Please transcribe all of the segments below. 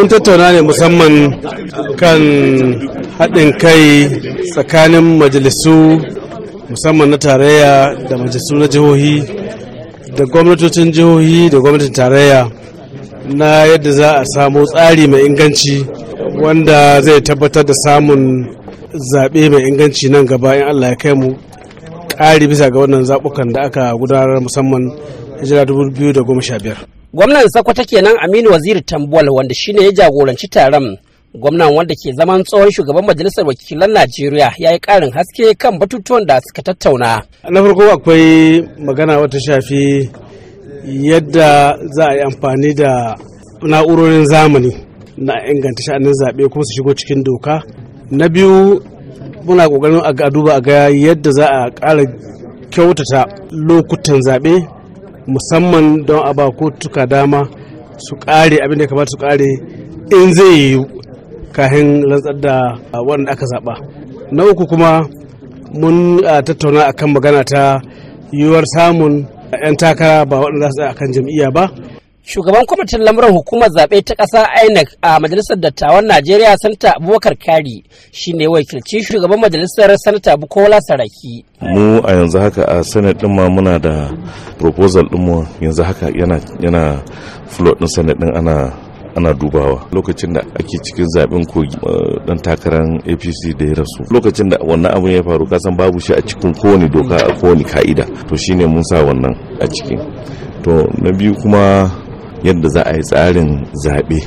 mun tattauna ne musamman kan haɗin kai tsakanin majalisu musamman na tarayya da majalisu na jihohi da gwamnatocin jihohi da gwamnatin tarayya na yadda za a samu tsari mai inganci wanda zai tabbatar da samun zaɓe mai inganci nan gaba in allah ya kai mu ƙari bisa ga wannan zaɓukan da aka gudanar musamman hijira 2015 gwamnan sakwata kenan aminu waziri Tambuwal wanda shine ya jagoranci taron gwamnan wanda ke zaman tsohon shugaban majalisar wakilan najeriya ya yi karin haske kan batutuwan da suka tattauna na farko akwai magana wata shafi yadda za a yi amfani da na'urorin zamani na inganta sha'anin zaɓe kuma su shigo cikin doka na biyu muna ƙoƙarin a duba a ga yadda za a ƙara kyautata lokutan zaɓe musamman don a ba kotuka dama su kare abin da kamata su kare in zai yi kahin rantsar da wanda aka zaba na uku kuma mun tattauna akan magana ta yiwuwar samun 'yan takara ba waɗanda za su akan jam'iyya ba shugaban kwamitin lamuran hukumar zaɓe ta ƙasa inec a majalisar dattawan najeriya sanata abubakar kari shine wakilci shugaban majalisar sanata bukola saraki mu a yanzu haka a senate din ma muna da proposal din mu yanzu haka yana yana in din senate din ana ana dubawa lokacin da ake cikin zaɓen kogi dan eh, takarar apc da ya rasu lokacin da wannan abin ya faru kasan babu shi a cikin kowane doka a kowane ka'ida to shine mun sa wannan a ciki to na biyu kuma yadda za a yi tsarin zaɓe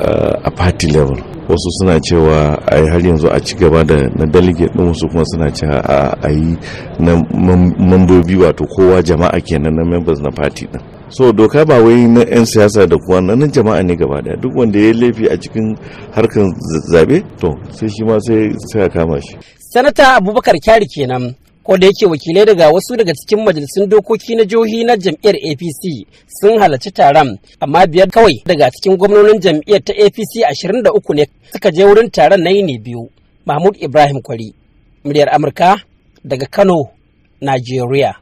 uh, a party level wasu suna cewa a yi har yanzu a ci gaba da na dalige ɗin wasu kuma suna cewa a yi na mambobi wato kowa jama'a kenan na members na party ɗin so doka ba wai na 'yan siyasa da kuwa na nan jama'a ne gaba daya duk wanda ya laifi a cikin harkar zabe to sai shi ma sai a kama shi sanata abubakar kyari kenan ko da yake wakilai daga wasu daga cikin majalisun dokoki na jihohi na jam'iyyar apc sun halarci taron amma biyar kawai daga cikin gwamnonin jam'iyyar ta apc 23 ne suka je wurin taron na yini biyu mahmud ibrahim kwari muryar amurka daga kano nigeria